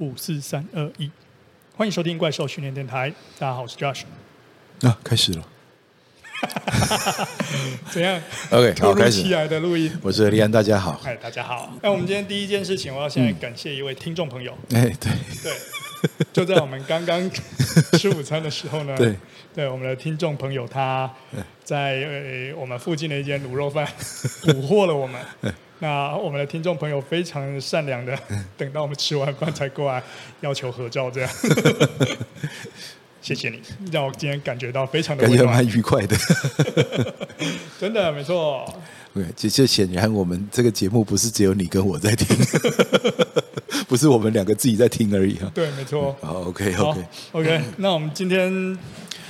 五四三二一，歡迎收聽怪獸訓練電台。大家好，我是 Josh。啊，開始了。 嗯、怎樣？OK，好，開始。突如其來的錄音，我是李安。大家好，嗨，大家好。嗯、那我們今天第一件事情，我要先感謝一位聽眾朋友。哎、嗯，對，對。就在我們剛剛吃午餐的時候呢，對，對，我們的聽眾朋友他在我們附近的一間滷肉飯捕獲了我們。那我們的聽眾朋友非常善良的，等到我們吃完飯才過來要求合照，這樣。 謝謝你，讓我今天感覺到非常的，感覺蠻愉快的。 真的，沒錯。對、okay，這這顯然我們這個節目不是只有你跟我在聽， 不是我們兩個自己在聽而已啊。對，沒錯。好，OK，OK，OK。那我們今天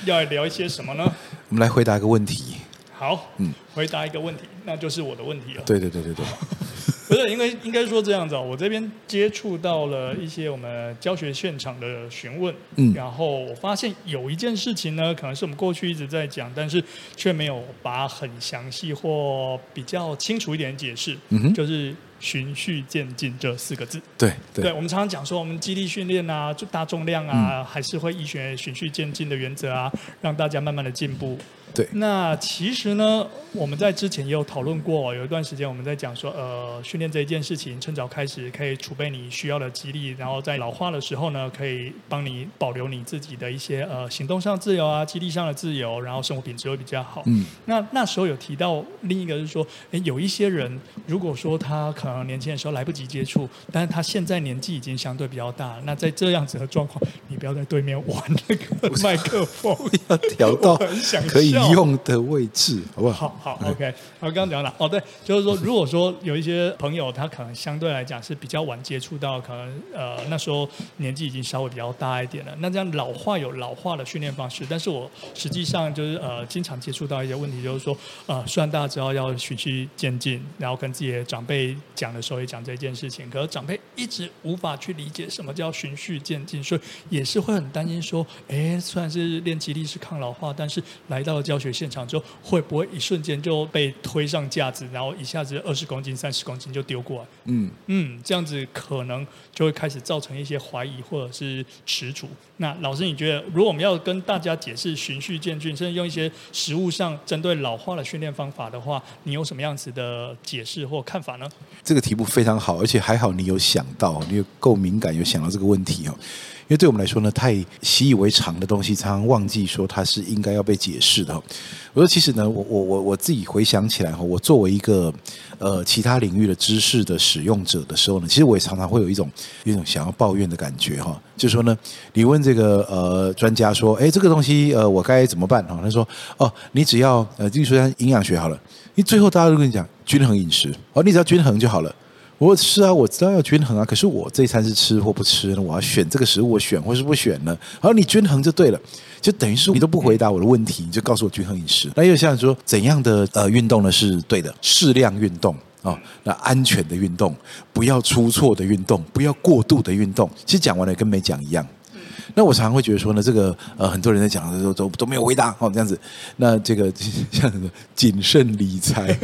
要聊一些什麼呢？ 我們來回答一個問題。好，嗯，回答一個問題，那就是我的問題了。對對對對對， 不是，因為應該說這樣子啊、哦，我這邊接觸到了一些我們教學現場的詢問，嗯，然後我發現有一件事情呢，可能是我們過去一直在講，但是卻沒有把很詳細或比較清楚一點解釋。嗯哼，就是循序漸進這四個字。對對，對，我們常常講說，我們基地訓練啊，就大重量啊，嗯、還是會依循循序漸進的原則啊，讓大家慢慢的進步。對，那其實呢，我們在之前也有討論過，有一段時間我們在講說，呃，訓練這一件事情，趁早開始可以儲備你需要的肌力，然後在老化的時候呢，可以幫你保留你自己的一些呃行動上自由啊，肌力上的自由，然後生活品質會比較好。嗯。那那時候有提到另一個是說，哎，有一些人如果說他可能年輕的時候來不及接觸，但是他現在年紀已經相對比較大，那在這樣子的狀況，你不要在對面玩那個麥克風，要調到 很想可以。用的位置好不好？好，好，OK。我剛剛講了 哦，對，就是說，如果說有一些朋友，他可能相對來講是比較晚接觸到，可能呃那時候年紀已經稍微比較大一點了。那這樣老化有老化的訓練方式，但是我實際上就是呃經常接觸到一些問題，就是說，呃，雖然大家知道要循序漸進，然後跟自己的長輩講的時候也講這件事情，可是長輩一直無法去理解什麼叫循序漸進，所以也是會很擔心說，哎，雖然是練肌力是抗老化，但是來到了。教學現場之後會不會一瞬間就被推上架子，然後一下子二十公斤、三十公斤就丟過來？嗯嗯，這樣子可能就會開始造成一些懷疑或者是恥辱。那老師，你覺得如果我們要跟大家解釋循序漸進，甚至用一些實務上針對老化的訓練方法的話，你有什麼樣子的解釋或看法呢？這個題目非常好，而且還好，你有想到，你有夠敏感，有想到這個問題哦。因為對我們來說呢，太習以為常的東西，常常忘記說它是應該要被解釋的。我說，其實呢，我我我我自己回想起來，我作為一個呃其他領域的知識的使用者的時候呢，其實我也常常會有一種一種想要抱怨的感覺，就就說呢，你問這個呃專家說，哎，這個東西呃我該怎麼辦？他說，哦，你只要呃比如說像營養學好了，你最後大家都跟你講均衡飲食，哦，你只要均衡就好了。我是啊，我知道要均衡啊，可是我這一餐是吃或不吃呢？我要選這個食物，我選或是不選呢？然後你均衡就對了，就等於是你都不回答我的問題，你就告訴我均衡飲食。那又想說怎樣的呃運動呢？是對的，適量運動啊、哦，那安全的運動，不要出錯的運動，不要過度的運動。其實講完了跟沒講一樣。那我常常會覺得說呢，這個呃，很多人在講的時候都都，都沒有回答哦，這樣子。那這個像什麼謹慎理財，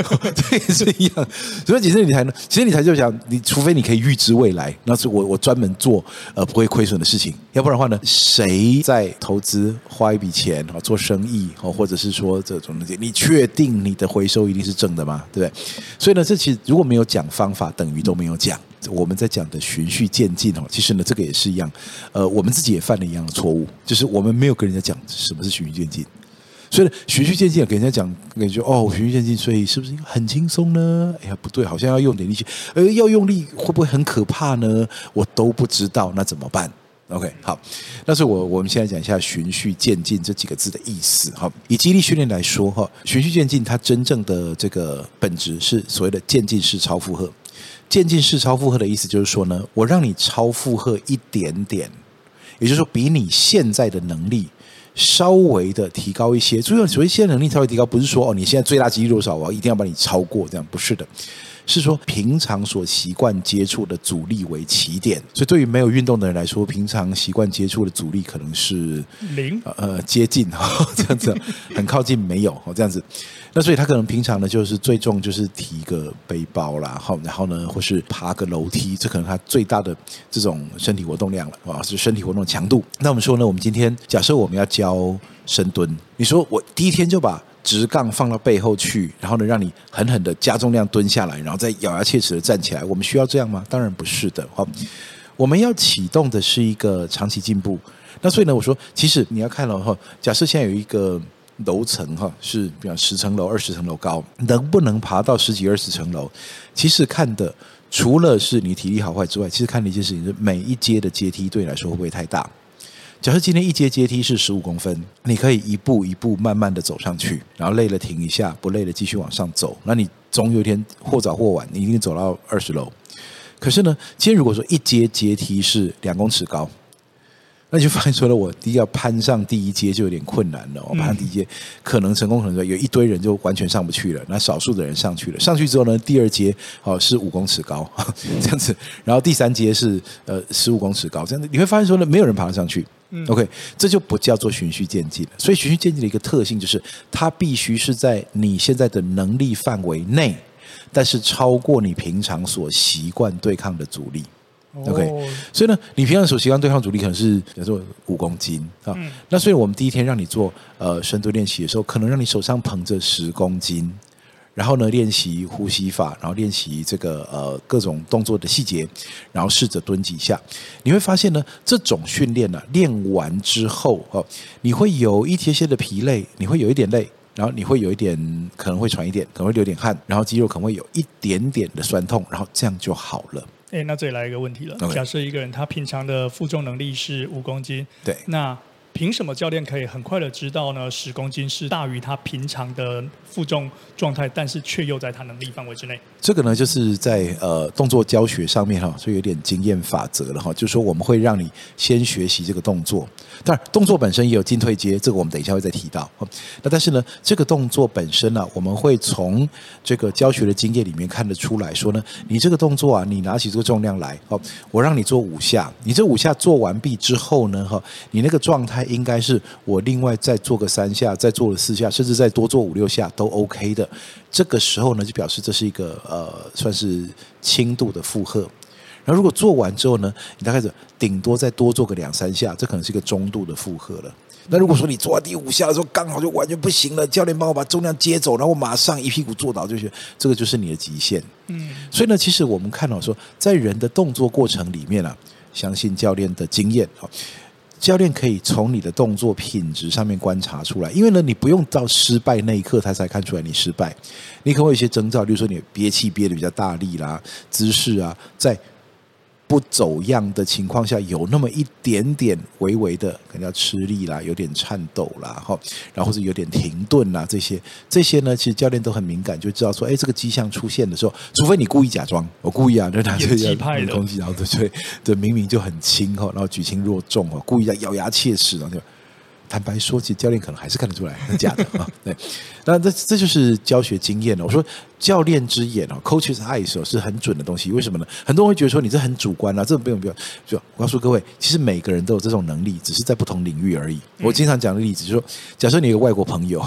對，是一樣。所以謹慎理財呢，其實理財就講，你除非你可以預知未來，那是我我專門做呃不會虧損的事情。要不然的話呢，誰在投資花一筆錢啊，做生意啊，或者是說這種東西，你確定你的回收一定是正的嗎？對不對？所以呢，這其實如果沒有講方法，等於都沒有講。我們在講的循序漸進哦，其實呢，這個也是一樣。呃，我們自己也犯了一樣的錯誤，就是我們沒有跟人家講什麼是循序漸進。所以循序漸進給啊，跟人家講，感覺哦，循序漸進，所以是不是很輕鬆呢？哎呀，不對，好像要用點力氣，而要用力會不會很可怕呢？我都不知道，那怎麼辦？OK，好，但是我我們現在講一下循序漸進這幾個字的意思。好，以肌力訓練來說，哈，循序漸進它真正的這個本質是所謂的漸進式超負荷。漸進式超負荷的意思就是說呢，我讓你超負荷一點點，也就是說比你現在的能力稍微的提高一些。注意，所謂“現在能力稍微提高”，不是說哦，你現在最大肌力多少，我一定要把你超過，這樣不是的。是說平常所習慣接觸的阻力為起點，所以對於沒有運動的人來說，平常習慣接觸的阻力可能是零，呃，接近哈這樣子，很靠近沒有哦這樣子。那所以他可能平常呢就是最重就是提個背包啦，好，然後呢或是爬個樓梯，這可能他最大的這種身體活動量了，哇，是身體活動強度。那我們說呢，我們今天假設我們要教深蹲，你說我第一天就把直槓放到背後去，然後呢，讓你狠狠的加重量蹲下來，然後再咬牙切齒的站起來。我們需要這樣嗎？當然不是的。我們要啟動的是一個長期進步。那所以呢，我說，其實你要看了哈，假設現在有一個樓層哈，是比方十層樓、二十層樓高，能不能爬到十幾、二十層樓？其實看的除了是你體力好壞之外，其實看的一件事情是每一階的階梯對你來說會不會太大。假設今天一階階梯是十五公分，你可以一步一步慢慢的走上去，然後累了停一下，不累了繼續往上走，那你總有一天或早或晚，你一定走到二十樓。可是呢，今天如果說一階階梯是兩公尺高。那就發現說呢我第一要攀上第一階就有點困難了。我攀上第一階，嗯、可能成功，可能說有一堆人就完全上不去了。那少數的人上去了，上去之後呢，第二階哦是五公尺高呵呵這樣子，然後第三階是呃十五公尺高這樣子。你會發現說呢，沒有人爬上去。嗯、OK，這就不叫做循序漸進了。所以循序漸進的一個特性就是，它必須是在你現在的能力範圍內，但是超過你平常所習慣對抗的阻力。OK，、哦、所以呢，你平常手習慣對抗阻力可能是比如說五公斤啊、嗯哦，那所以我們第一天讓你做呃深度練習的時候，可能讓你手上捧着十公斤，然後呢練習呼吸法，然後練習這個呃各種動作的細節，然後試着蹲幾下，你會發現呢，這種訓練呢、啊、練完之後哦，你會有一些些的疲累，你會有一點累，然後你會有一點可能會喘一點，可能會流點汗，然後肌肉可能會有一點點的痠痛，然後這樣就好了。哎、欸，那這裡來一個問題了。Okay. 假設一個人他平常的負重能力是五公斤，對那。憑什麼教練可以很快的知道呢？十公斤是大於他平常的負重狀態，但是卻又在他能力範圍之內。這個呢，就是在呃動作教學上面哈，就有點經驗法則了哈。就是說，我們會讓你先學習這個動作，當然動作本身也有進退階，這個我們等一下會再提到。那但是呢，這個動作本身呢、啊，我們會從這個教學的經驗裡面看得出來說呢，你這個動作啊，你拿起這個重量來哦，我讓你做五下，你這五下做完畢之後呢，哈，你那個狀態。應該是我另外再做個三下，再做了四下，甚至再多做五六下都 OK 的。這個時候呢，就表示這是一個呃，算是輕度的負荷。然後如果做完之後呢，你大概說頂多再多做個兩三下，這可能是一個中度的負荷了。嗯、那如果說你做完第五下的時候，剛好就完全不行了，教練幫我把重量接走，然後我馬上一屁股坐倒就行，這個就是你的極限。嗯，所以呢，其實我們看到說，在人的動作過程裡面啊，相信教練的經驗教練可以從你的動作品質上面觀察出來。因為呢，你不用到失敗那一刻，他才，才看出來你失敗，你可能會有一些徵兆，比如說你憋氣憋得比較大力啦，姿勢啊，在不走樣的情況下，有那麼一點點微微的，可能要吃力啦，有點顫抖啦，哈，然後是有點停頓啦，這些這些呢，其實教練都很敏感，就知道說，哎，這個跡象出現的時候，除非你故意假裝，我故意啊，就拿這個東西，然後對對對，就明明就很輕哈，然後舉輕若重哦，故意要咬牙切齒，然後就。坦白說，其實教練可能還是看得出來是假的啊。對，那這這就是教學經驗了。我說教練之眼啊，coach's eye 時候是很準的東西。為什麼呢？很多人會覺得說你這很主觀啊，這種不用不用。就我告訴各位，其實每個人都有這種能力，只是在不同領域而已。我經常講的例子就是說，假設你一個外國朋友，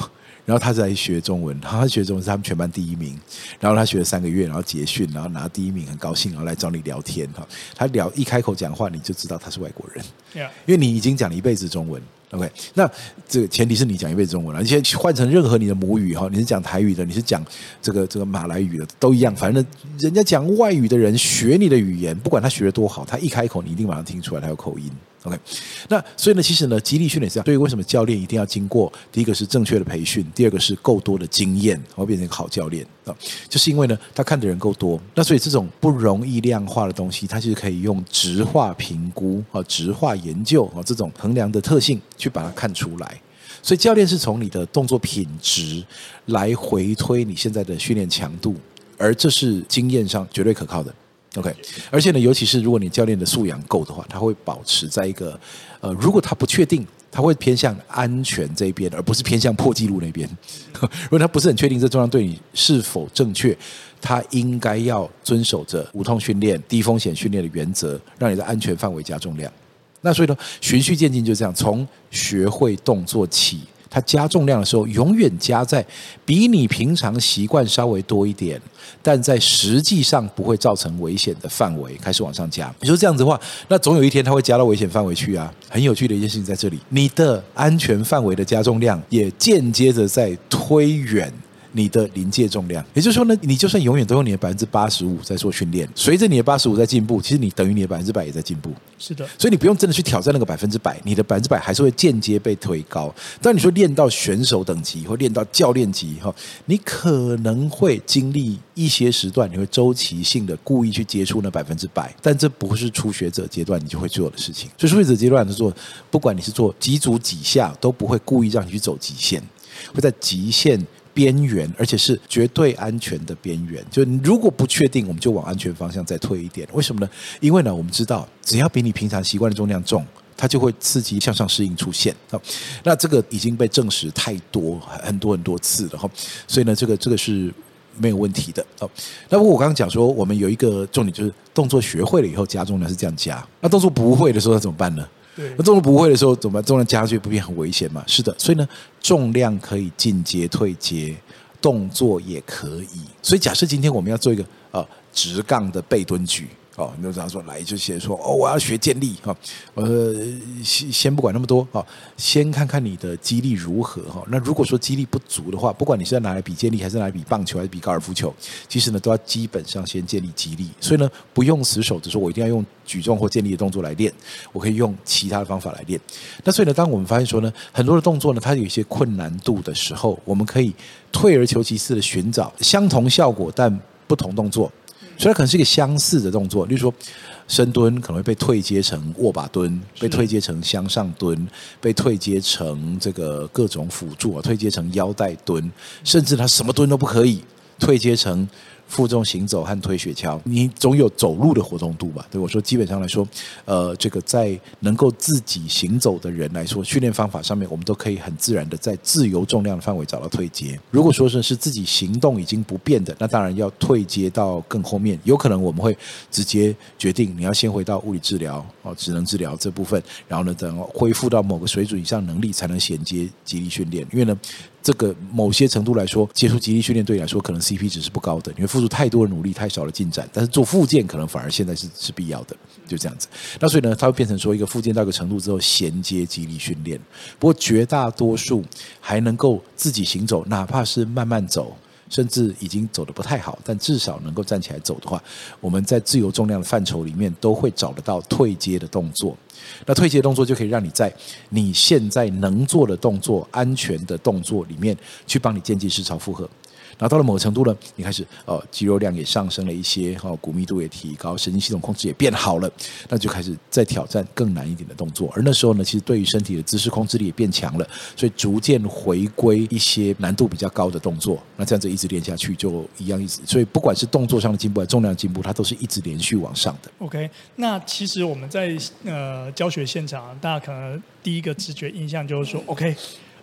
然後他在學中文，然後他學中文是他們全班第一名，然後他學了三個月，然後結訓，然後拿第一名，很高興，然後來找你聊天哈。他聊一開口講話，你就知道他是外國人，Yeah. 因為，你已經講了一輩子中文。OK，那這個前提是你講一輩子中文了，啊，而且換成任何你的母語哈，你是講台語的，你是講這個這個馬來語的，都一樣。反正人家講外語的人學你的語言，不管他學得多好，他一開一口，你一定馬上聽出來他有口音。OK，那所以呢，其實呢，肌力訓練是這樣。對於為什麼教練一定要經過，第一個是正確的培訓，第二個是夠多的經驗，然後變成一個好教練啊，就是因為呢，他看的人夠多。那所以這種不容易量化的東西，它其實可以用質化評估啊、質化研究啊這種衡量的特性去把它看出來。所以教練是從你的動作品質來回推你現在的訓練強度，而這是經驗上絕對可靠的。OK，而且呢，尤其是如果你教練的素養夠的話，他會保持在一個，呃，如果他不確定，他會偏向安全這邊，而不是偏向破紀錄那邊。 如果他不是很確定這重量對你是否正確，他應該要遵守着無痛訓練、低風險訓練的原則，讓你在安全範圍加重量。那所以呢，循序漸進就這樣，從學會動作起。它加重量的時候，永遠加在比你平常習慣稍微多一點，但在實際上不會造成危險的範圍，開始往上加。你說這樣子的話，那總有一天它會加到危險範圍去啊！很有趣的一件事情在這裡，你的安全範圍的加重量也間接的在推遠。你的臨界重量，也就是說呢，你就算永遠都用你的百分之八十五在做訓練，隨着你的八十五在進步，其實你等於你的百分之百也在進步。是的，所以你不用真的去挑戰那個百分之百，你的百分之百還是會間接被推高。但你說練到選手等級或練到教練級以後，你可能會經歷一些時段，你會週期性的故意去接觸那百分之百，但這不是初學者階段你就會做的事情。所以初學者階段是說，不管你是做幾組幾下，都不會故意讓你去走極限，會在極限邊緣，而且是絕對安全的邊緣。就如果不確定，我們就往安全方向再推一點。為什麼呢？因為呢，我們知道，只要比你平常習慣的重量重，它就會刺激向上適應出現。哦，那這個已經被證實太多，很多很多次了哈。所以呢，這個這個是沒有問題的。哦，那不過我剛剛講說，我們有一個重點就是動作學會了以後，加重量是這樣加。那動作不會的時候，怎麼辦呢？那對動作不會的時候怎麼辦？重量加上去不就很危險嗎？是的，所以呢，重量可以進階退階，動作也可以。所以假設今天我們要做一個呃直槓的背蹲舉。哦，那他說來就先說哦，我要學建立哈、哦，呃，先先不管那麼多哈、哦，先看看你的肌力如何哈、哦。那如果說肌力不足的話，不管你是在拿來比建立，還是拿來比棒球，還是比高爾夫球，其實呢，都要基本上先建立肌力。所以呢，不用死守着說我一定要用舉重或建立的動作來練，我可以用其他的方法來練。那所以呢，當我們發現說呢，很多的動作呢，它有一些困難度的時候，我們可以退而求其次的尋找相同效果但不同動作。所以它可能是一個相似的動作，例如說，深蹲可能會被退階成握把蹲，被退階成向上蹲，被退階成這個各種輔助啊，退階成腰帶蹲，甚至它什麼蹲都不可以，退階成。負重行走和推雪橇，你總有走路的活動度吧？對，我說基本上來說，呃，這個在能夠自己行走的人來說，訓練方法上面，我們都可以很自然的在自由重量的範圍找到退階。如果說是是自己行動已經不變的，那當然要退階到更後面。有可能我們會直接決定你要先回到物理治療哦，職能治療這部分，然後呢，等恢復到某個水準以上能力，才能銜接肌力訓練。因為呢，這個某些程度來說，接觸肌力訓練對你來說可能 CP 值是不高的，你會付出太多的努力，太少的進展。但是做復健可能反而現在是是必要的，就這樣子。那所以呢，它會變成說一個復健到一個程度之後銜接肌力訓練。不過絕大多數還能夠自己行走，哪怕是慢慢走。甚至已經走得不太好，但至少能夠站起來走的話，我們在自由重量的範疇裡面都會找得到退階的動作。那退階動作就可以讓你在你現在能做的動作、安全的動作裡面，去幫你漸進式超負荷。然後到了某個程度呢，你開始哦，肌肉量也上升了一些，哈、哦，骨密度也提高，神經系統控制也變好了，那就開始再挑戰更難一點的動作。而那時候呢，其實對於身體的姿勢控制力也變強了，所以逐漸回歸一些難度比較高的動作。那這樣子一直練下去，就一樣一直。所以不管是動作上的進步，重量的進步，它都是一直連續往上的。OK，那其實我們在呃教學現場，大家可能第一個直覺印象就是說 OK。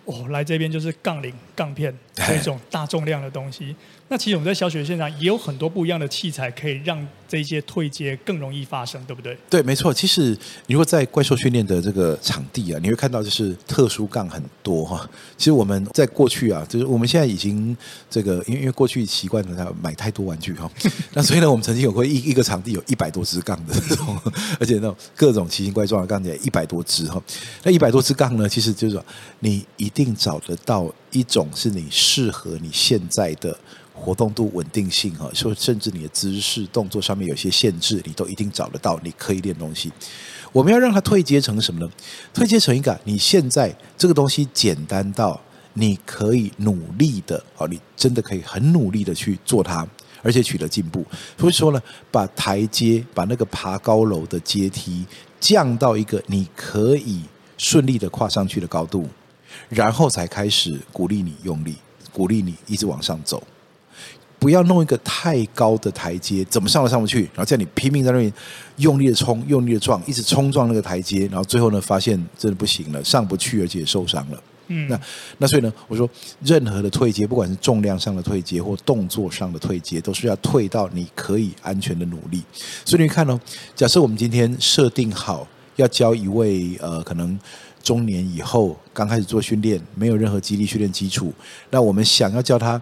哦，來這邊就是槓鈴、槓片這種大重量的東西。 那其實我們在小雪現場也有很多不一樣的器材，可以讓。這一些退階更容易發生，對不對？對，沒錯。其實你如果在怪獸訓練的這個場地啊，你會看到就是特殊槓很多哈。其實我們在過去啊，就是我們現在已經這個，因為因為過去習慣了他買太多玩具哈。那所以呢，我們曾經有過一一,一個場地有一百多支槓的那種，而且那種各種奇形怪狀的槓也一百多支哈。那一百多支槓呢，其實就是說，你一定找得到一種是你適合你現在的。活動度、穩定性，哈，說甚至你的姿勢、動作上面有些限制，你都一定找得到，你可以練東西。我們要讓它退階成什麼呢？退階成一個，你現在這個東西簡單到你可以努力的，哦，你真的可以很努力的去做它，而且取得進步。所以說呢，把台階，把那個爬高樓的階梯降到一個你可以順利的跨上去的高度，然後才開始鼓勵你用力，鼓勵你一直往上走。不要弄一個太高的台階，怎麼上都上不去，然後叫你拼命在那邊用力的衝、用力的撞，一直衝撞那個台階，然後最後呢，發現真的不行了，上不去而且受傷了。嗯，那那所以呢，我說任何的退階，不管是重量上的退階或動作上的退階，都是要退到你可以安全的努力。所以你看呢、哦，假設我們今天設定好要教一位呃，可能中年以後剛開始做訓練，沒有任何肌力訓練基礎，那我們想要教他。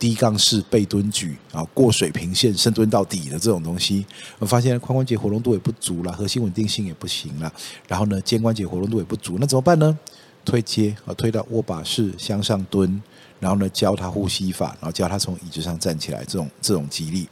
低槓式背蹲舉啊，過水平線深蹲到底的這種東西，我發現髖關節活動度也不足了，核心穩定性也不行了，然後呢，肩關節活動度也不足，那怎麼辦呢？退階啊，退到握把式向上蹲，然後呢，教他呼吸法，然後教他從椅子上站起來，這種這種肌力。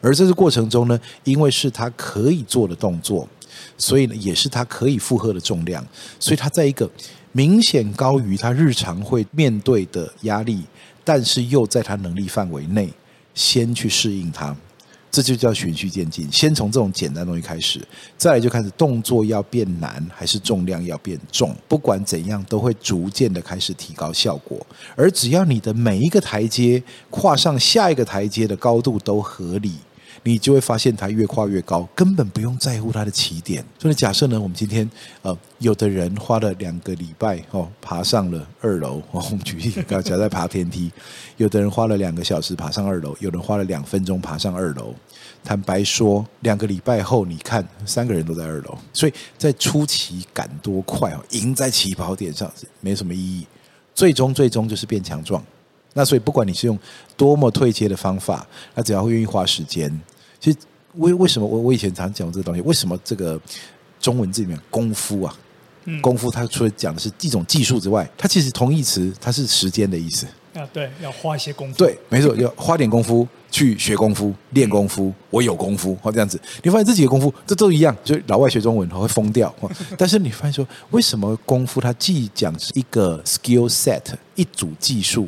而這個過程中呢，因為是他可以做的動作，所以呢，也是他可以負荷的重量，所以他在一個明顯高於他日常會面對的壓力。但是又在他能力範圍內，先去適應他，這就叫循序漸進。先從這種簡單東西開始，再來就開始動作要變難，還是重量要變重？不管怎樣，都會逐漸的開始提高效果。而只要你的每一個台階跨上下一個台階的高度都合理，你就會發現它越跨越高，根本不用在乎它的起點。所以假設呢，我們今天呃，有的人花了兩個禮拜哦，爬上了二樓。我們舉例剛才在爬天梯， 有的人花了兩個小時爬上二樓，有人花了兩分鐘爬上二樓。坦白說，兩個禮拜後，你看三個人都在二樓。所以在初期趕多快哦，贏在起跑點上沒什麼意義。最終最終就是變強壯。那所以不管你是用多麼退階的方法，那只要會願意花時間。其實，為為什麼我我以前常講這個東西？為什麼這個中文字裡面“功夫”啊，“功夫”它除了講的是一種技術之外，它其實同義詞，它是時間的意思。啊，對，要花一些功夫。對，沒錯，要花點功夫去學功夫、練功夫。我有功夫或這樣子，你發現自己的功夫，這都一樣。就老外學中文，他會瘋掉。但是你發現說，為什麼功夫它既講是一個 skill set，一組技術？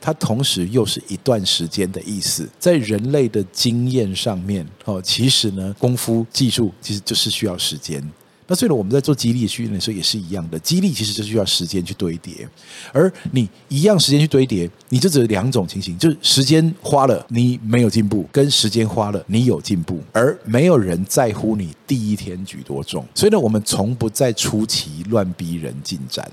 它同時又是一段時間的意思，在人類的經驗上面哦，其實呢，功夫、技術其實就是需要時間。那所以呢，我們在做肌力訓練的時候也是一樣的，肌力其實就是需要時間去堆疊。而你一樣時間去堆疊，你就只有兩種情形：就是時間花了你沒有進步，跟時間花了你有進步，而沒有人在乎你第一天舉多重。所以呢，我們從不在初期亂逼人進展。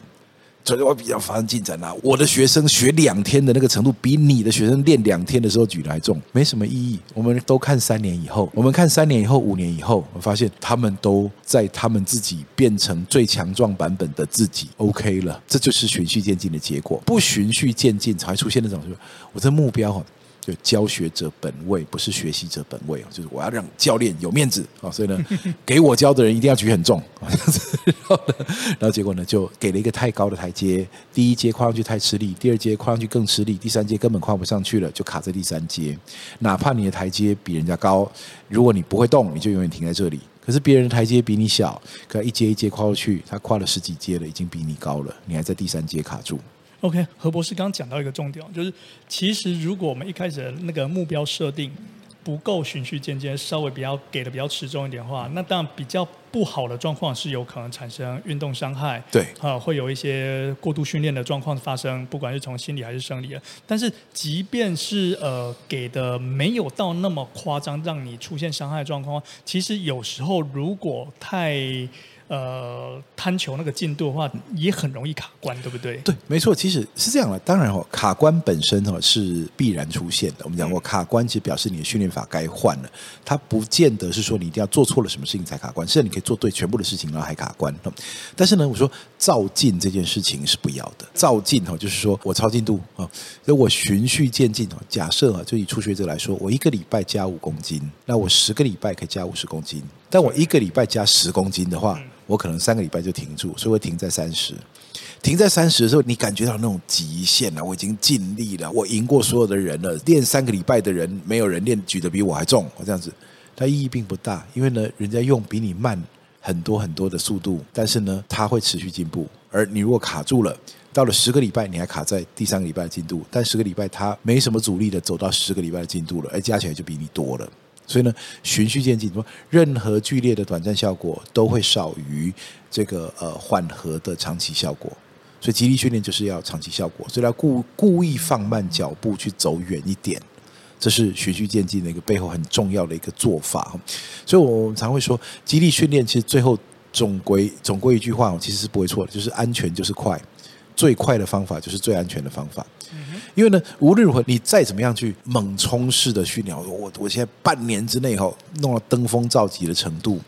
所以，我比較發生進展吶。我的學生學兩天的那個程度，比你的學生練兩天的時候舉得還重，沒什麼意義。我們都看三年以後，我們看三年以後、五年以後，我發現他們都在他們自己變成最強壯版本的自己，OK 了。這就是循序漸進的結果。不循序漸進，才出現那種我這目標。就教學者本位，不是學習者本位，就是我要讓教練有面子啊，所以呢，給我教的人一定要舉很重。然後，然後結果呢，就給了一個太高的台階，第一階跨上去太吃力，第二階跨上去更吃力，第三階根本跨不上去了，就卡在第三階。哪怕你的台階比人家高，如果你不會動，你就永遠停在這裡。可是別人的台階比你小，可一階一階跨過去，他跨了十幾階了，已經比你高了，你還在第三階卡住。OK，何博士剛剛講到一個重點，就是其實如果我們一開始的那個目標設定不夠循序漸進，稍微比較給的比較遲重一點的話，那當然比較不好的狀況是有可能產生運動傷害，對，啊、呃，會有一些過度訓練的狀況發生，不管是從心理還是生理的。但是即便是呃給的沒有到那麼誇張，讓你出現傷害狀況，其實有時候如果太呃，貪求那個進度的話，也很容易卡關，對不對？對，沒錯，其實是這樣的。當然、哦、卡關本身、哦、是必然出現的。我們講過，卡關其實表示你的訓練法該換了。它不見得是說你一定要做錯了什麼事情才卡關，甚至你可以做對全部的事情然後還卡關、哦。但是呢，我說躁進這件事情是不要的。躁進、哦、就是說我超進度啊，那、哦、我循序漸進，假設、啊、就以初學者來說，我一個禮拜加五公斤，那我十個禮拜可以加五十公斤。但我一個禮拜加十公斤的話，我可能三個禮拜就停住，所以會停在三十。停在三十的時候，你感覺到那種極限了啊，我已經盡力了，我贏過所有的人了。練三個禮拜的人，沒有人練舉得比我還重，這樣子，它意義並不大。因為呢，人家用比你慢很多很多的速度，但是呢，他會持續進步。而你如果卡住了，到了十個禮拜，你還卡在第三個禮拜的進度，但十個禮拜他沒什麼阻力的走到十個禮拜的進度了，而加起來就比你多了。所以呢，循序漸進。任何劇烈的短暫效果都會少於這個呃、緩和的長期效果。所以，肌力訓練就是要長期效果，所以要故故意放慢腳步去走遠一點。這是循序漸進的一個背後很重要的一個做法。所以我們常會說，肌力訓練其實最後總歸總歸一句話，其實是不會錯的，就是安全就是快，最快的方法就是最安全的方法。因為呢，無論如何你再怎麼樣去猛衝式的訓練，我我現在半年之內弄到登峰造極的程度，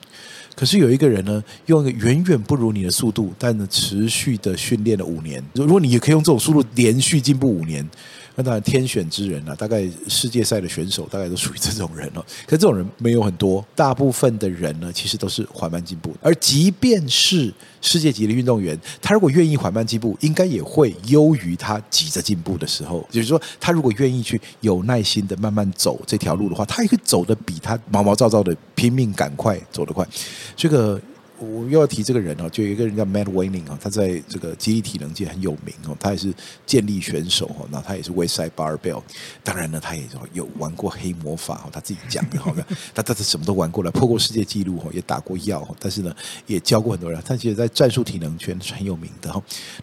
可是有一個人呢，用一個遠遠不如你的速度，但呢，持續的訓練了五年，如果你也可以用這種速度連續進步五年？那當然天選之人了，啊，大概世界賽的選手大概都屬於這種人了。哦，可這種人沒有很多，大部分的人呢，其實都是緩慢進步，而即便是世界級的運動員，他如果願意緩慢進步，應該也會優於他急着進步的時候，也就是說他如果願意去有耐心的慢慢走這條路的話，他也可以走得比他毛毛躁躁的拼命趕快走得快，這個。我又要提這個人哦，就有一個人叫 Matt Wenning，他在這個競技體能界很有名哦，他也是健力選手，那他也是 Westside Barbell，當然呢，他也有玩過黑魔法，他自己講的的，他他是什麼都玩過了，破過世界紀錄，也打過藥，但是呢，也教過很多人，但其實在戰術體能圈是很有名的，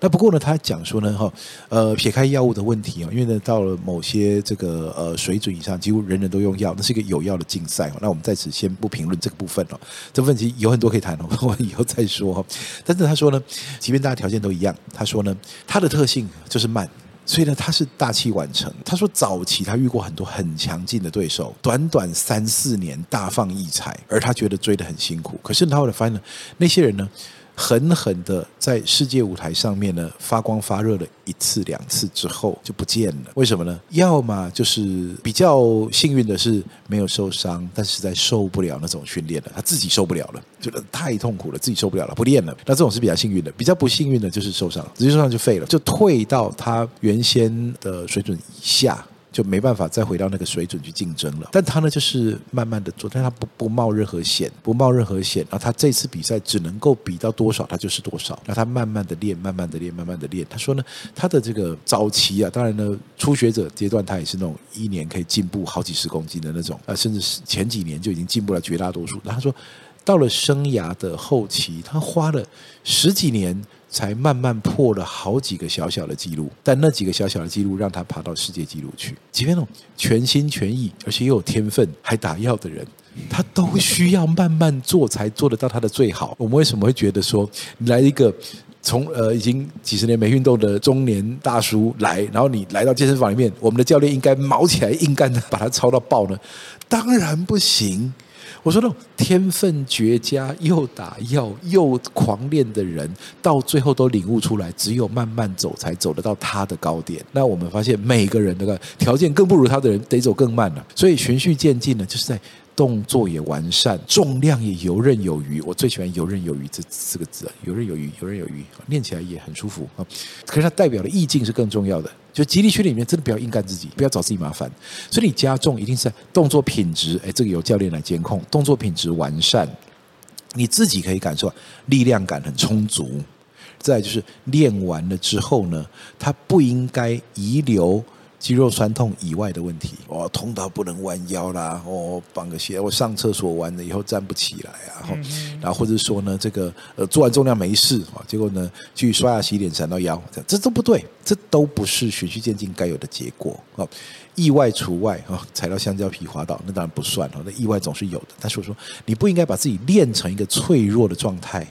那不過呢，他講說呢哈，呃，撇開藥物的問題，因為呢到了某些這個呃水準以上，幾乎人人都用藥，那是一個有藥的競賽哦。那我們在此先不評論這個部分哦，這個問題有很多可以談哦。我以後再說，但是他說呢，即便大家條件都一樣，他說呢，他的特性就是慢，所以呢，他是大器晚成。他說早期他遇過很多很強勁的對手，短短三四年大放異彩，而他覺得追得很辛苦。可是呢，他後來發現呢，那些人呢，狠狠的在世界舞台上面呢，發光發熱了一次兩次之後就不見了，為什麼呢？要麼就是比較幸運的是沒有受傷，但是實在受不了那種訓練了，他自己受不了了，覺得太痛苦了，自己受不了了，不練了。那這種是比較幸運的，比較不幸運的就是受傷，直接受傷就廢了，就退到他原先的水準以下。就沒辦法再回到那個水準去競爭了。但他呢，就是慢慢的做，但他不不冒任何險，不冒任何險。然後他這次比賽只能夠比到多少，他就是多少。那他慢慢的練，慢慢的練，慢慢的練。他說呢，他的這個早期啊，當然呢，初學者階段他也是那種一年可以進步好幾十公斤的那種啊，甚至是前幾年就已經進步了絕大多數。那他說，到了生涯的後期，他花了十幾年。才慢慢破了好幾個小小的記錄，但那幾個小小的記錄讓他爬到世界紀錄去。即便那種全心全意，而且又有天分還打藥的人，他都需要慢慢做才做得到他的最好。我們為什麼會覺得說，你來一個從呃已經幾十年沒運動的中年大叔來，然後你來到健身房裡面，我們的教練應該卯起來硬幹的把他操到爆呢？當然不行。我說那種，天分絕佳又打藥又，又狂練的人，到最後都領悟出來，只有慢慢走才走得到他的高點。那我們發現，每個人那個條件更不如他的人，得走更慢了。所以循序漸進呢，就是在。動作也完善，重量也遊刃有餘。我最喜歡“遊刃有餘”這四個字，遊刃有餘，遊刃有餘，練起來也很舒服。可是它代表的意境是更重要的。就肌力圈裡面，真的不要硬幹自己，不要找自己麻煩。所以你加重一定是動作品質，哎，這個由教練來監控動作品質完善。你自己可以感受力量感很充足。再就是練完了之後呢，它不應該遺留。肌肉痠痛以外的問題，哦，痛到不能彎腰啦，哦，綁個鞋，我上廁所完了以後站不起來啊，然後或者說呢，這個呃做完重量沒事，結果呢，去刷牙洗臉，閃到腰，這，這都不對，這都不是循序漸進該有的結果。哦，意外除外啊，哦，踩到香蕉皮滑倒那當然不算，哦，那意外總是有的。但是我說，你不應該把自己練成一個脆弱的狀態。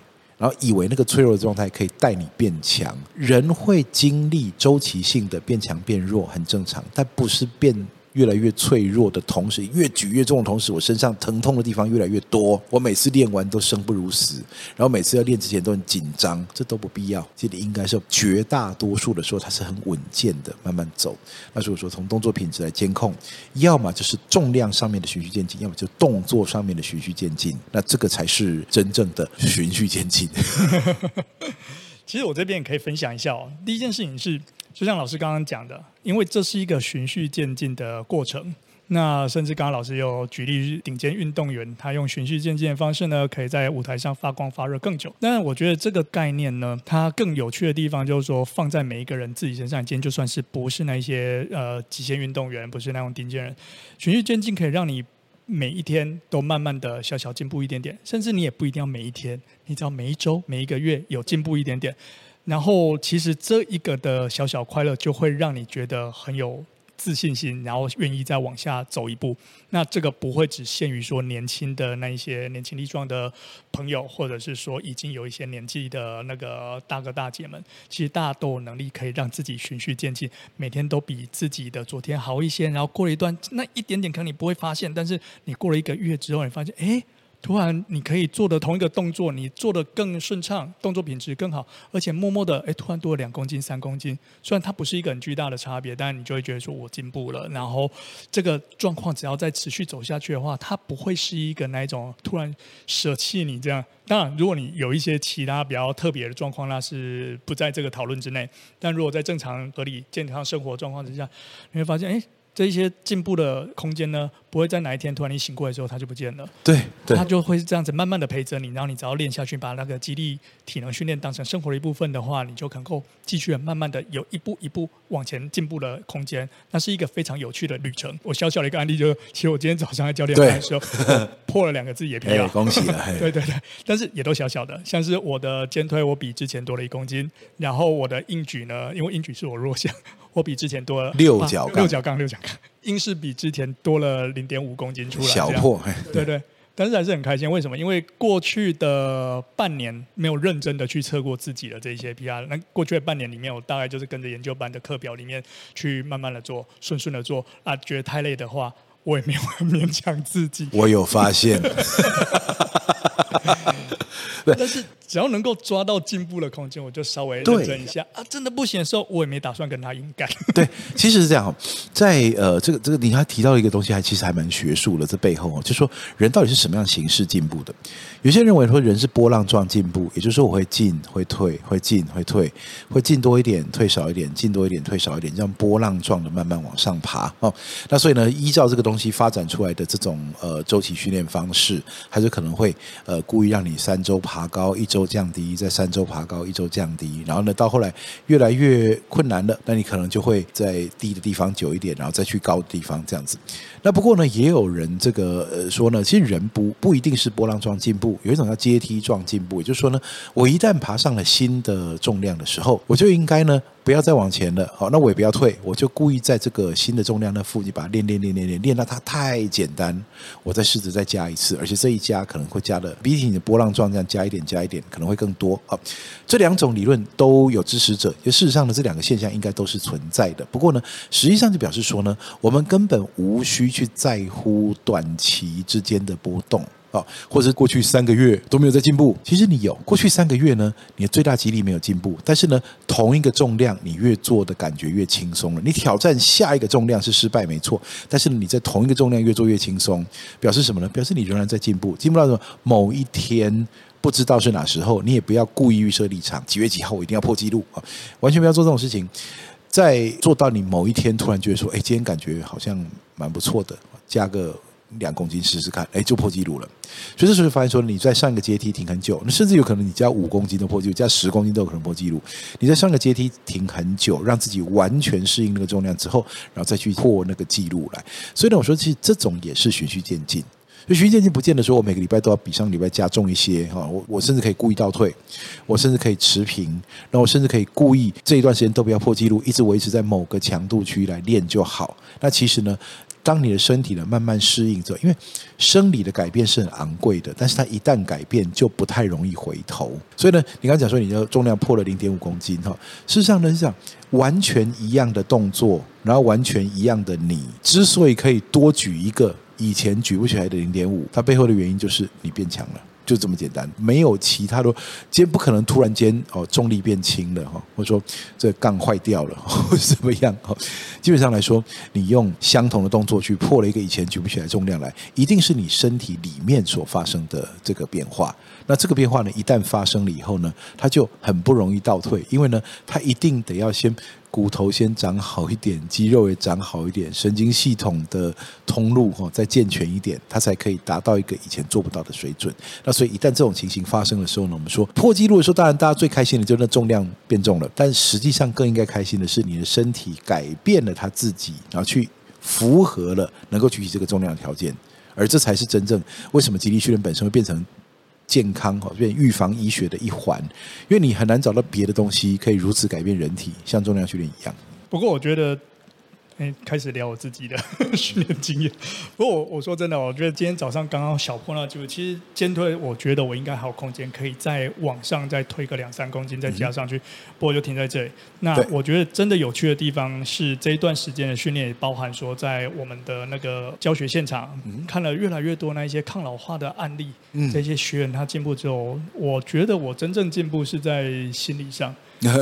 然後以為那個脆弱的狀態可以帶你變強，人會經歷周期性的變強變弱，很正常，但不是變。越來越脆弱的同時，越舉越重的同時，我身上疼痛的地方越來越多。我每次練完都生不如死，然後每次要練之前都很緊張，這都不必要。這裡應該是絕大多數的時候，它是很穩健的，慢慢走。那如果說從動作品質來監控，要麼就是重量上面的循序漸進，要麼就是動作上面的循序漸進。那這個才是真正的循序漸進。其實我這邊也可以分享一下哦。第一件事情是。就像老師剛剛講的，因為這是一個循序漸進的過程。那甚至剛剛老師有舉例，頂尖運動員他用循序漸進的方式呢，可以在舞台上發光發熱更久。但是我覺得這個概念呢，它更有趣的地方就是說，放在每一個人自己身上，今天就算是不是那些呃極限運動員，不是那種頂尖人，循序漸進可以讓你每一天都慢慢的小小進步一點點，甚至你也不一定要每一天，你只要每一週、每一個月有進步一點點。然後，其實這一個的小小快樂，就會讓你覺得很有自信心，然後願意再往下走一步。那這個不會只限於說年輕的那一些年輕力壯的朋友，或者是說已經有一些年紀的那個大哥大姐們。其實大家都有能力可以讓自己循序漸進，每天都比自己的昨天好一些。然後過了一段那一點點可能你不會發現，但是你過了一個月之後，你發現，誒。突然，你可以做的同一個動作，你做的更順暢，動作品質更好，而且默默的，誒，突然多了兩公斤、三公斤。雖然它不是一個很巨大的差別，但你就會覺得說我進步了。然後，這個狀況只要再持續走下去的話，它不會是一個那一種突然捨棄你這樣。當然，如果你有一些其他比較特別的狀況，那是不在這個討論之內。但如果在正常合理、健康生活狀況之下，你會發現，誒。這一些進步的空間呢，不會在哪一天突然你醒過來之後，它就不見了。對，對，它就會是這樣子慢慢的陪着你，然後你只要練下去，把那個肌力、體能訓練當成生活的一部分的話，你就能夠繼續地慢慢的有一步一步往前進步的空間。那是一個非常有趣的旅程。我小小的一個案例，就是，就其實我今天早上在教練班的時候對 破了兩個自己的 PR，也的有恭喜 對對對，但是也都小小的，像是我的肩推我比之前多了一公斤，然後我的硬舉呢，因為硬舉是我弱項。我比之前多了六角，六角槓，六角槓。硬是比之前多了零點五公斤出來。小破，對，對對，對但是還是很開心。對 為什麼？因為過去的半年沒有認真的去測過自己的這一些 PR。那過去的半年裡面，我大概就是跟着研究班的課表裡面去慢慢的做，順順的做。啊，覺得太累的話，我也沒有勉強自己。我有發現。 哈， 對，但是只要能夠抓到進步的空間，我就稍微認真一下對啊。真的不行的時候，我也沒打算跟他硬幹對， 其實是這樣，在呃，這個這個，你還提到一個東西還，還其實還蠻學術的。這背後哦，就說人到底是什麼樣形式進步的？有些人認為說，人是波浪狀進步，也就是說，我會進、會退、會進、會退、會進多一點、退少一點、進多一點、退少一點，這樣波浪狀的慢慢往上爬哦。那所以呢，依照這個東西發展出來的這種呃周期訓練方式，還是可能會。呃，故意讓你三周爬高，一周降低，再三周爬高，一周降低，然後呢，到後來越來越困難了，那你可能就會在低的地方久一點，然後再去高的地方這樣子。那不過呢，也有人這個，呃，說呢，其實人不不一定是波浪狀進步，有一種叫階梯狀進步，也就是說呢，我一旦爬上了新的重量的時候，我就應該呢。不要再往前了，好，那我也不要退，我就故意在這個新的重量的附近把它練練練練練，練，練練練練，練到它太簡單，我再試着再加一次，而且這一加可能會加的比起你的波浪狀這樣加一點加一點可能會更多。好，哦，這兩種理論都有支持者，就事實上的這兩個現象應該都是存在的。不過呢，實際上就表示說呢，我們根本無需去在乎短期之間的波動。哦，或者過去三個月都沒有在進步，其實你有。過去三個月呢，你的最大肌力沒有進步，但是呢，同一個重量你越做的感覺越輕鬆了。你挑戰下一個重量是失敗沒錯，但是呢，你在同一個重量越做越輕鬆，表示什麼呢？表示你仍然在進步。進步到什麼？某一天不知道是哪時候，你也不要故意預設立場，幾月幾號我一定要破紀錄啊，完全不要做這種事情。再做到你某一天突然覺得說，誒，今天感覺好像蠻不錯的，加個兩公斤試試看，誒，就破紀錄了。所以這時候發現說，你在上一個階梯停很久，那甚至有可能你加五公斤都破紀錄，加十公斤都有可能破紀錄。你在上個階梯停很久，讓自己完全適應那個重量之後，然後再去破那個紀錄來。所以呢，我說其實這種也是循序漸進。循序漸進不見得說我每個禮拜都要比上個禮拜加重一些哈，我我甚至可以故意倒退，我甚至可以持平，然後我甚至可以故意這一段時間都不要破紀錄，一直維持在某個強度區來練就好。那其實呢？當你的身體呢，慢慢適應之後，因為生理的改變是很昂貴的，但是它一旦改變就不太容易回頭。所以呢，你剛講說你的重量破了零點五公斤哈，事實上呢，是這樣完全一樣的動作，然後完全一樣的你，之所以可以多舉一個以前舉不起來的零點五，它背後的原因就是你變強了。就這麼簡單，沒有其他的，絕不可能突然間哦，重力變輕了哈，或者說這個槓壞掉了或者怎麼樣哈。基本上來說，你用相同的動作去破了一個以前舉不起來重量來，一定是你身體裡面所發生的這個變化。那這個變化呢，一旦發生了以後呢，它就很不容易倒退，因為呢，它一定得要先。骨頭先長好一點，肌肉也長好一點，神經系統的通路哈、哦、再健全一點，它才可以達到一個以前做不到的水準。那所以一旦這種情形發生的時候呢，我們說破紀錄的時候，當然大家最開心的就是那重量變重了，但實際上更應該開心的是你的身體改變了它自己，然後去符合了能夠舉起這個重量的條件，而這才是真正為什麼肌力訓練本身會變成。健康哦，預防醫學的一環，因為你很難找到別的東西可以如此改變人體，像重量訓練一樣。不過我覺得。開始聊我自己的訓練經驗。不過，我說真的，我覺得今天早上剛剛小破那就其實肩推，我覺得我應該還有空間，可以再往上再推個兩三公斤，再加上去。不過就停在這裡。那我覺得真的有趣的地方是，這一段時間的訓練也包含說，在我們的那個教學現場，看了越來越多那一些抗老化的案例，嗯，這些學員他進步之後，我覺得我真正進步是在心理上。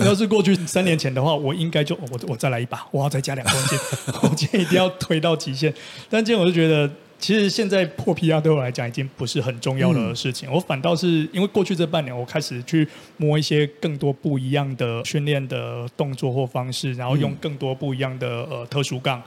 要是過去三年前的話，我應該就我我再來一把，我要再加兩公斤， 我今天一定要推到極限。但今天我就覺得，其實現在破 PR 對我來講已經不是很重要的事情，嗯、我反倒是因為過去這半年，我開始去摸一些更多不一樣的訓練的動作或方式，然後用更多不一樣的呃特殊槓。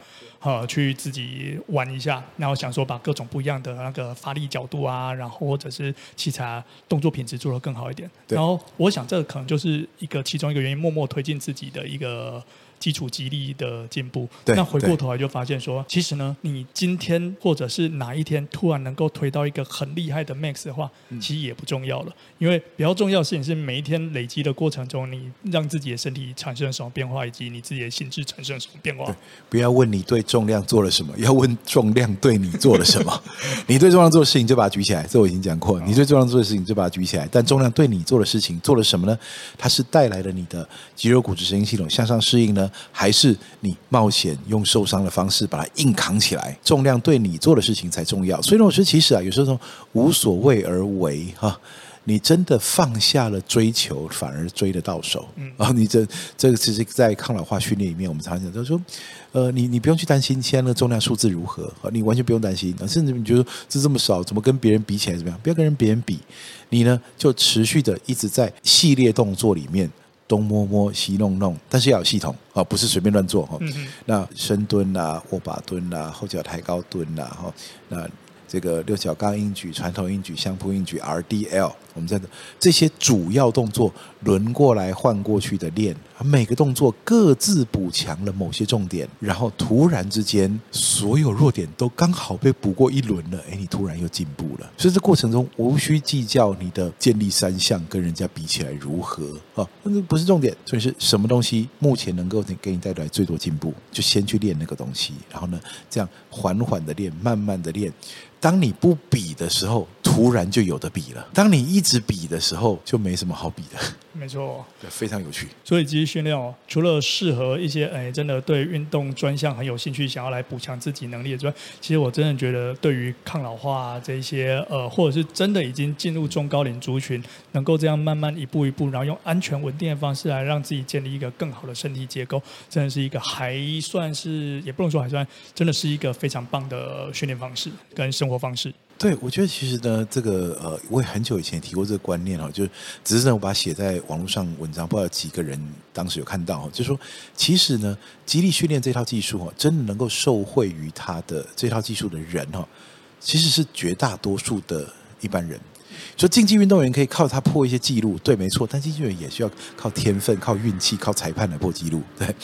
呃，去自己玩一下，然後想說把各種不一樣的那個發力角度啊，然後或者是器材、動作品質做得更好一點。對然後我想，這可能就是一個其中一個原因，默默推進自己的一個基礎肌力的進步，對那回過頭來就發現說，對其實呢，你今天或者是哪一天突然能夠推到一個很厲害的 max 的話，嗯、其實也不重要了，因為比較重要的事情是每一天累積的過程中，你讓自己的身體產生了什麼變化，以及你自己的心智產生了什麼變化，對。不要問你對重量做了什麼，要問重量對你做了什麼。 你對重量做的事情就把它舉起來，這我已經講過了。你對重量做的事情就把它舉起來，但重量對你做的事情做了什麼呢？它是帶來了你的肌肉、骨質、神經系統向上適應呢？還是你冒險用受傷的方式把它硬扛起來，重量對你做的事情才重要。所以呢，我說，其實啊，有時候說無所謂而為哈，你真的放下了追求，反而追得到手。嗯，然後你這這個其實，在抗老化訓練裡面，我們常常講，他說，呃，你你不用去擔心，現在的重量數字如何？你完全不用擔心。甚至你覺得這這麼少，怎麼跟別人比起來怎麼樣？不要跟人別人比，你呢就持續的一直在系列動作裡面。東摸摸，西弄弄，但是要有系統啊，不是隨便亂做哈。嗯哼。那深蹲啊，握把蹲啊，後腳抬高蹲吶，哈，那這個六角槓硬舉、傳統硬舉、相撲硬舉、RDL，我們在這些主要動作輪過來換過去的練。每個動作各自補強了某些重點，然後突然之間，所有弱點都剛好被補過一輪了。誒，你突然又進步了。所以這過程中無需計較你的健力三項跟人家比起來如何啊，那、哦、不是重點。所以是什麼東西目前能夠給你帶來最多進步，就先去練那個東西。然後呢，這樣緩緩的練，慢慢的練。當你不比的時候，突然就有的比了；當你一直比的時候，就沒什麼好比的。沒錯，對，非常有趣。所以即訓練哦，除了適合一些哎，真的對運動專項很有興趣，想要來補強自己能力之外，其實我真的覺得，對於抗老化啊，這一些呃，或者是真的已經進入中高齡族群，能夠這樣慢慢一步一步，然後用安全穩定的方式來讓自己建立一個更好的身體結構，真的是一個還算是，也不能說還算，真的是一個非常棒的訓練方式跟生活方式。對，我覺得其實呢，這個呃，我也很久以前提過這個觀念哦，就是，只是呢，我把它寫在網絡上文章，不知道有幾個人當時有看到哦，就說其實呢，肌力訓練這套技術哦，真的能夠受惠於他的這套技術的人哦，其實是絕大多數的一般人。所以競技運動員可以靠他破一些紀錄，對，沒錯。但競技運動員也需要靠天分、靠運氣、靠裁判來破紀錄，對。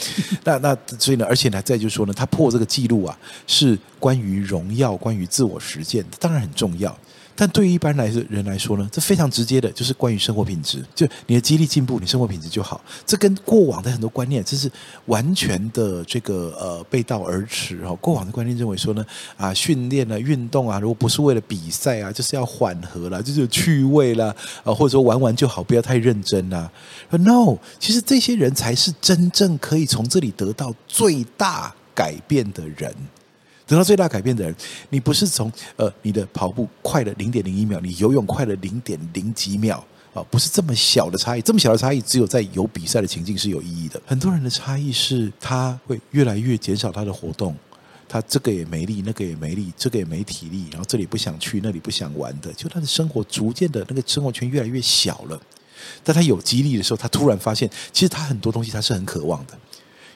那那所以呢，而且呢，再就是說呢，他破這個紀錄啊，是關於榮耀、關於自我實踐，當然很重要。但對於一般來人來說呢，這非常直接的，就是關於生活品質。就你的肌力進步，你生活品質就好。這跟過往的很多觀念，這是完全的這個呃背道而馳。過往的觀念認為說呢，啊訓練啊運動啊，如果不是為了比賽啊，就是要緩和了，就是有趣味了啊，或者說玩玩就好，不要太認真啊。But no，其實這些人才是真正可以從這裡得到最大改變的人。得到最大改變的人，你不是從呃你的跑步快了零點零一秒，你游泳快了零點零幾秒啊、哦，不是這麼小的差異，這麼小的差異只有在有比賽的情境是有意義的。很多人的差異是他會越來越減少他的活動，他這個也沒力，那個也沒力，這個也沒體力，然後這裡不想去，那裡不想玩的，就他的生活逐漸的那個生活圈越來越小了。但他有激勵的時候，他突然發現，其實他很多東西他是很渴望的。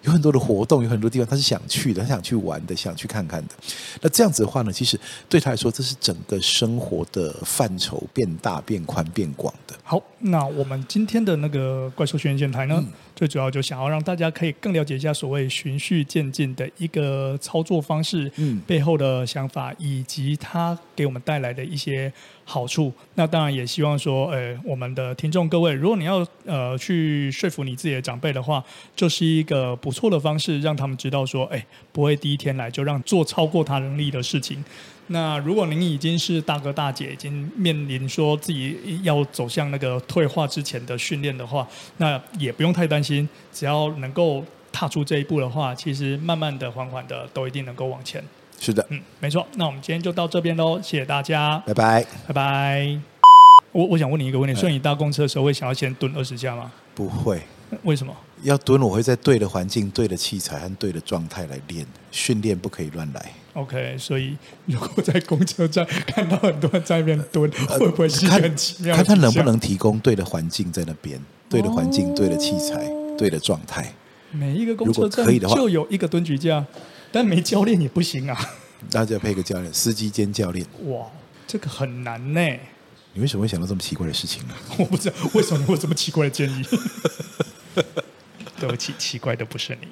有很多的活動，有很多地方他是想去的，他想去玩的，想去看看的。那這樣子的話呢，其實對他來說，這是整個生活的範疇變大、變寬、變廣的。好，那我們今天的那個怪獸學院電臺呢，嗯、最主要就想要讓大家可以更了解一下所謂循序漸進的一個操作方式，嗯，背後的想法以及它給我們帶來的一些。好處，那當然也希望說，哎，我們的聽眾各位，如果你要呃去說服你自己的長輩的話，就是一個不錯的方式，讓他們知道說，哎，不會第一天來就讓做超過他能力的事情。那如果您已經是大哥大姐，已經面臨說自己要走向那個退化之前的訓練的話，那也不用太擔心，只要能夠踏出這一步的話，其實慢慢的、緩緩的，都一定能夠往前。是的，嗯，沒錯。那我們今天就到這邊嘍，謝謝大家，拜拜 bye，拜拜。我我想問你一個問題，嗯、所以你搭公車的時候會想要先蹲二十下嗎？不會。為什麼要蹲？我會在對的環境、對的器材和對的狀態來練，訓練不可以亂來。OK，所以如果在公車站看到很多人在那邊蹲，呃、會不會是很奇妙？看看能不能提供對的環境在那邊，對的環境、哦、對的器材、對的狀態。每一個公車站都可以的話，就有一個蹲舉架。但沒教練也不行啊！大家配個教練，司機兼教練。哇，這個很難呢、欸。你為什麼會想到這麼奇怪的事情呢、啊？我不知道為什麼 你會有這麼奇怪的建議。 對不起，奇怪的不是你。